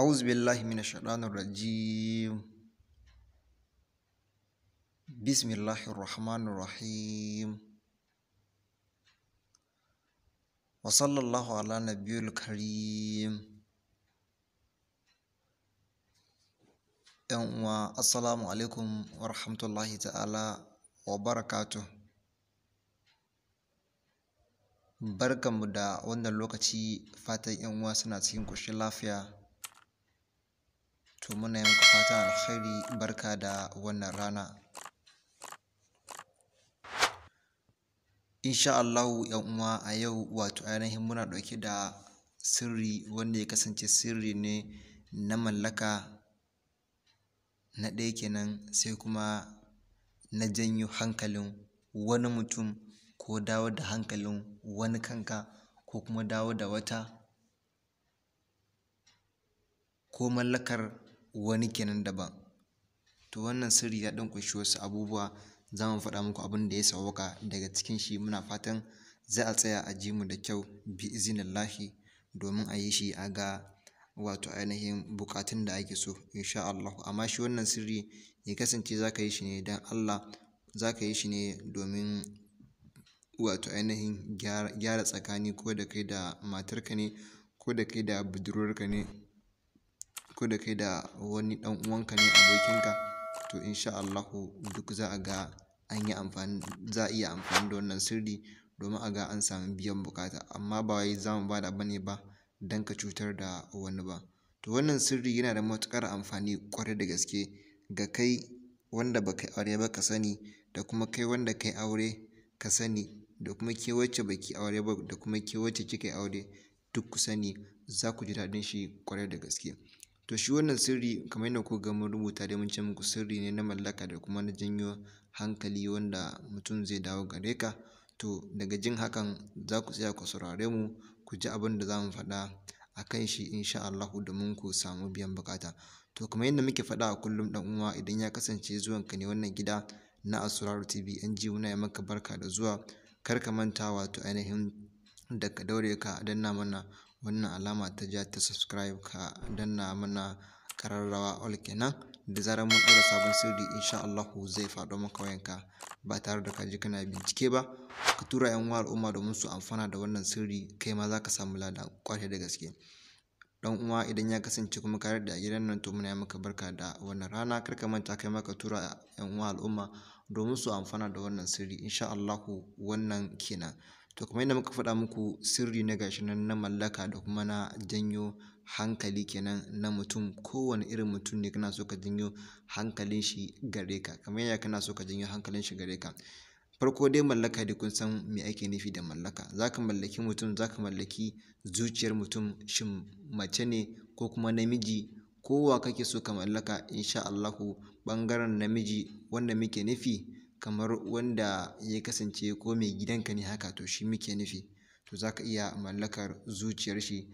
أعوذ بالله من الشيطان الرجيم بسم الله الرحمن الرحيم وصلى الله على نبي الكريم ‘yan السلام عليكم ورحمة الله تعالى وبركاته wa barakatuh barkanmu da wannan lokaci fatan ‘yan uwa suna cikin ƙoshin lafiya to muna yi muku fatan alkhairi barka da wannan rana insha Allahu yan uwa a yau wato ainihin muna ɗauke da sirri wanda ya kasance sirri ne na mallaka na ɗaya kenan sai kuma na janyo hankalin wani mutum ko dawo da hankalin wani kanka ko kuma dawo da wata ko mallakar wani kenan daban to wannan sirri ya dan ƙunshi wasu abubuwa za mu faɗa muku abin da ya sauka daga cikin shi muna fatan za a tsaya a ji mu da kyau bi izinillahi domin a yi shi a ga wato ainihin buƙatun da ake so insha Allah amma shi wannan sirri ya kasance za ka yi shi ne don Allah za ka yi shi ne domin wato ainihin gyara tsakani ko da kai da matarka ne ko da kai da budurwarka ne ko da kai da wani dan uwanka ne abokinka to insha Allahu duk za a ga an yi amfani za a iya amfani da wannan sirri domin a ga an samu biyan bukata amma ba wai za mu ba bane ba dan ka cutar da wani ba to wannan sirri yana da matukar amfani kwarai da gaske ga kai wanda baka aure ba ka sani da kuma kai wanda kai aure ka sani da kuma ke wacce baki aure ba da kuma ke wacce kika aure duk ku sani za ku ji daɗin shi kwarar da gaske To shi wannan sirri kamar yadda kuka ga mun rubuta dai mun ce muku sirri ne na mallaka da kuma na janyo hankali wanda mutum zai dawo gare ka. To daga jin hakan za ku tsaya ku saurare mu ku ji abin da za mu faɗa a kan shi insha Allahu domin ku samu biyan bukata To kamar yadda muke faɗa a kullum dan uwa idan ya kasance zuwan ka ne wannan gida na Asuraru TV NG muna yi maka barka da zuwa kar ka manta wato ainihin da ka daure ka danna mana wannan alama ta ja ta subscribe ka danna mana ƙararrawa all kenan da zarar mun ɗora sabon sirri insha Allahu zai faɗo maka wayanka ba tare da ka kana bincike ba ka tura yan uwa al'umma domin su amfana da wannan sirri kai ma zaka samu lada kwarai da gaske dan uwa idan ya kasance kuma ka da gidan nan to muna maka barka da wannan rana kar ka manta kai maka tura yan uwa al'umma domin su amfana da wannan sirri insha Allahu wannan kenan to kamar yadda muka faɗa muku sirri na gashi nan na mallaka da kuma na janyo hankali kenan na mutum kowane irin mutum ne kana so ka janyo hankalin shi gare ka kamar yaya kana so ka janyo hankalin shi gare ka farko dai mallaka da kun san me ake nufi da mallaka za ka mallaki mutum za ka mallaki zuciyar mutum shin mace ne ko kuma namiji kowa kake so ka mallaka insha Allahu bangaren namiji wanda muke nufi kamar wanda ya kasance ko mai gidanka ne haka to shi muke nufi to za ka iya mallakar zuciyar shi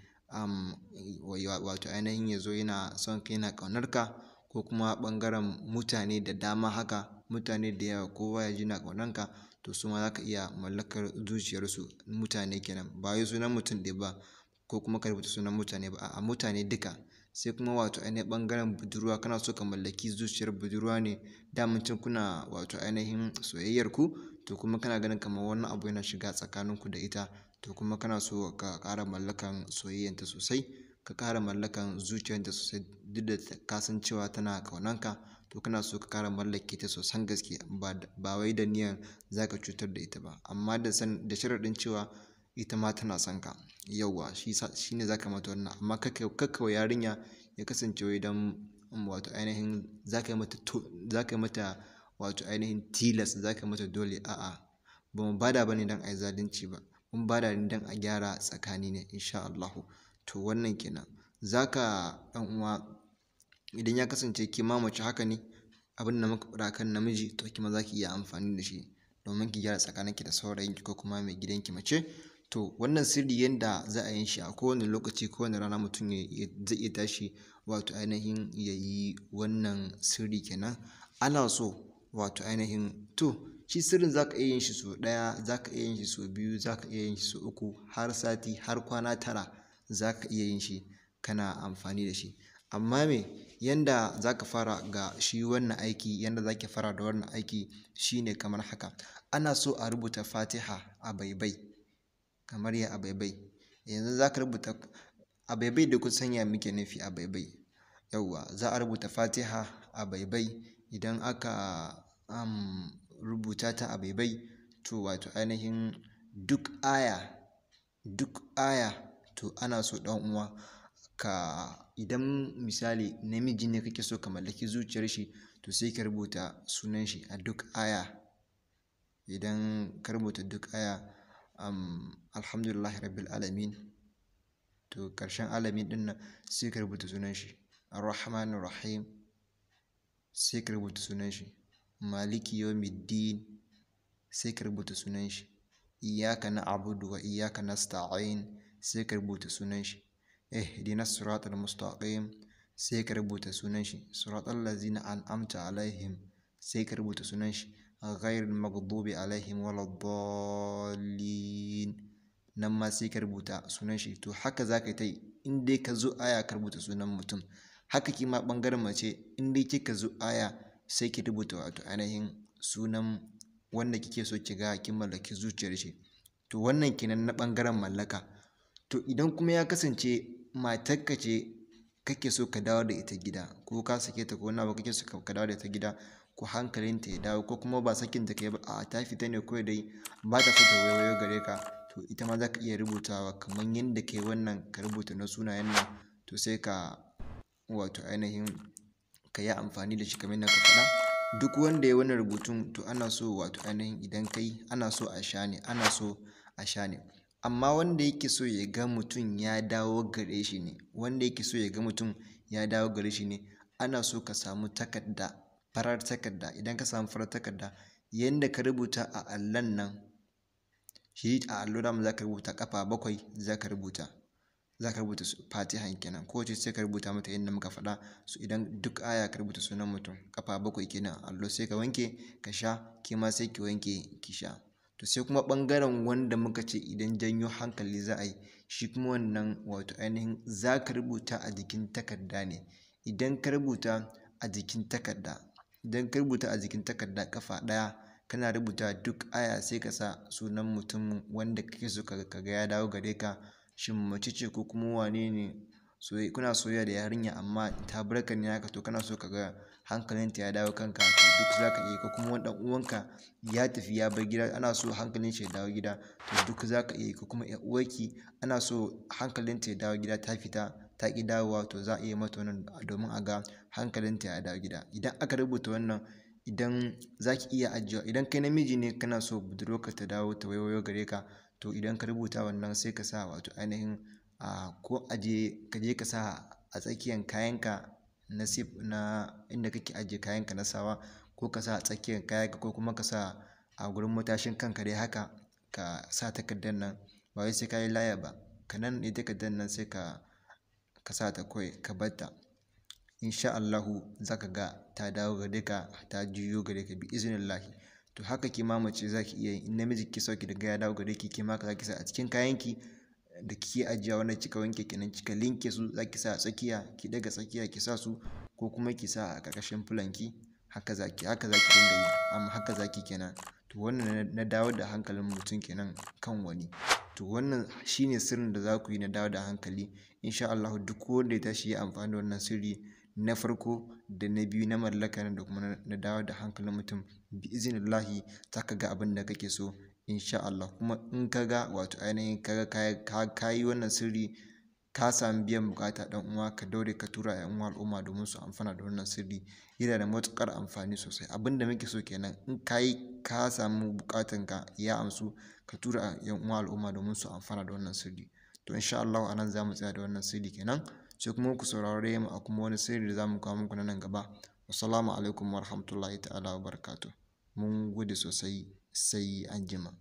wato ainihin ya zo yana son ka yana kaunarka ka ko kuma ɓangaren mutane da dama haka mutane da yawa kowa ya ji na ƙaunar ka to su ma za ka iya mallakar zuciyarsu mutane kenan ba yi sunan mutum ɗaya ba ko kuma ka rubuta sunan mutane ba a mutane duka sai kuma wato ainihin ɓangaren budurwa kana so ka mallaki zuciyar budurwa ne daman can kuna wato ainihin soyayyar ku to kuma kana ganin kamar wani abu yana shiga tsakanin ku da ita to kuma kana so ka ƙara mallakan soyayyanta sosai ka ƙara mallakan zuciyarta sosai duk da ka san cewa tana ƙaunanka to kana so ka kara mallake ta sosan gaske ba wai da niyyar za ka cutar da ita ba amma da sharaɗin cewa ita ma tana son ka yauwa shi ne za ka mata wannan amma wa yarinya ya kasance wai don um, wato ainihin za ka yi mata wato ainihin tilas za ka yi mata dole a'a ba mu bada ba ne don a yi zalunci ba mun bada ne don a gyara tsakani ne insha Allahu to wannan kenan za ka ɗan uwa idan ya kasance ki ma mace haka ne abin da muka namiji to kima za ki iya amfani da shi domin ki gyara tsakaninki da saurayinki ko kuma mai gidanki mace To wannan sirri yadda za a yin shi a kowane lokaci kowane rana mutum zai iya tashi wato ainihin ya yi wannan sirri kenan ana so wato ainihin to shi sirrin za ka iya yin shi sau ɗaya za ka iya yin shi sau biyu za ka iya yin shi sau uku har sati har kwana tara za ka iya yin shi kana amfani da shi amma me yanda za ka fara ga shi wannan aiki yanda za ka fara da wannan aiki shine kamar haka ana so a rubuta fatiha a baibai kamar ya abaibai yanzu za ka rubuta abaibai da kun sanya muke nufi abaibai yauwa za a rubuta fatiha abaibai idan aka um, rubuta ta abaibai to wato ainihin duk aya duk aya to ana so ɗan uwa ka idan misali namiji ne kake so ka mallaki zuciyar shi to sai ka rubuta sunan shi a duk aya idan ka rubuta duk aya um, alhamdulillahi rabbil alamin to karshen alamin ɗin nan sai ka rubuta sunan shi arrahmanir rahim sai ka rubuta sunan shi maliki yawmiddin sai ka rubuta sunan shi iyyaka na'budu wa iyyaka nasta'in sai ka rubuta sunan shi eh ihdina siratal mustaqim sai ka rubuta sunan shi siratal ladzina an'amta alaihim sai ka rubuta sunan shi غير المغضوب alaihim waladdallin nan ma sai ka rubuta sunan shi to haka za ka yi ta yi in dai ka zo aya ka rubuta sunan mutum haka ki ma ɓangaren mace in dai kika zo aya sai ki rubuta wato ainihin sunan wanda kike so ki ga kin mallaki zuciyar shi to wannan kenan na ɓangaren mallaka to idan kuma ya kasance matarka ce kake so ka dawo da ita gida ko ka sake ta ko nawa kake so ka dawo da ita gida ko ta ya dawo ko kuma ba sakin ta kai ba a ta fita ne kawai dai ba ta fita ta waiwayo gare ka to ita ma za ka iya rubutawa kamar yadda kai wannan ka rubuta na sunayen nan to sai ka wato ainihin ka yi amfani da shi kamar yadda ka faɗa duk wanda ya yi wannan rubutun to ana so wato ainihin idan kai ana so a sha ne ana so a sha ne amma wanda yake so ya ga mutum ya dawo gare shi ne wanda yake so ya ga mutum ya dawo gare shi ne ana so ka samu takarda farar takarda idan ka samu farar takarda yanda ka rubuta a allon nan shi a allo dama za ka rubuta kafa bakwai za ka rubuta za ka rubuta fatihan kenan kowace sai ka rubuta mata yadda muka faɗa su idan duk aya ka rubuta sunan mutum kafa bakwai kenan allo sai ka wanke ka sha kima sai ki wanke ki sha to sai kuma ɓangaren wanda muka ce idan janyo hankali za a yi shi kuma wannan wato ainihin za ka rubuta a jikin takarda ne idan ka rubuta a jikin takarda idan ka rubuta a jikin takarda kafa ɗaya kana rubuta duk aya sai ka sa sunan mutumin wanda kake so ka ga ya dawo gare ka shin mace ce ko kuma wane ne soyayya kuna soyayya da yarinya amma ta bar ka ne haka to kana so ka ga hankalinta ya dawo kanka to duk za ka iya ko kuma wani uwanka ya tafi ya bar gida ana so hankalin shi ya dawo gida to duk za ka iya ko kuma ya uwarki ana so hankalinta ya dawo gida ta fita ta ki dawowa to za a iya mata wannan domin a ga hankalinta ya dawo gida idan aka rubuta wannan idan za ki iya ajiyewa idan kai namiji ne kana so budurwarka ta dawo ta waiwayo gare ka to idan ka rubuta wannan sai ka sa wato ainihin a ko aje ka je ka sa a tsakiyan kayanka na sif na inda kake ajiye kayanka na sawa ko ka sa a tsakiyan kayanka ko kuma ka sa a gurin matashin kanka dai haka ka sa takardar nan ba wai sai ka yi laya ba ka nan ne takardar nan sai ka ka sa ta kawai ka bar ta insha Allahu za ka ga ta dawo gare ka ta juyo gare ka bi lahi to haka ki ma mace za ki iya in namiji ki sauki daga ya dawo gare ki ki ma ka za ki sa a cikin kayanki da kike ajiya wanda kika wanke kenan kika linke su za ki sa a tsakiya ki daga tsakiya ki sa su ko kuma ki sa a ƙarƙashin fulanki haka za ki haka za ki dinga yi amma haka za ki kenan to wannan na dawo da hankalin mutum kenan kan wani to wannan shine sirrin da za ku yi na dawo da hankali insha Allah duk wanda ya tashi ya amfani da wannan sirri na farko da na biyu na mallaka da kuma na dawo da hankalin mutum bi iznillahi za ka ga abin da kake so insha Allah kuma in ka ga wato ainihin ka ga ka yi wannan sirri ka sami biyan bukata ɗan uwa ka daure ka tura ‘yan uwa al'umma domin su amfana da wannan sirri yana da matukar amfani sosai abinda muke so kenan in ka yi ka samu ka ya amsu ka tura ‘yan uwa al'umma domin su amfana da wannan sirri to insha Allah a nan za mu tsaya da wannan sirri kenan sai kuma ku saurare mu a kuma wani sirri da za mu kawo muku na nan gaba assalamu alaikum warahmatullahi ta'ala wabarakatuh mun gode sosai sai an jima.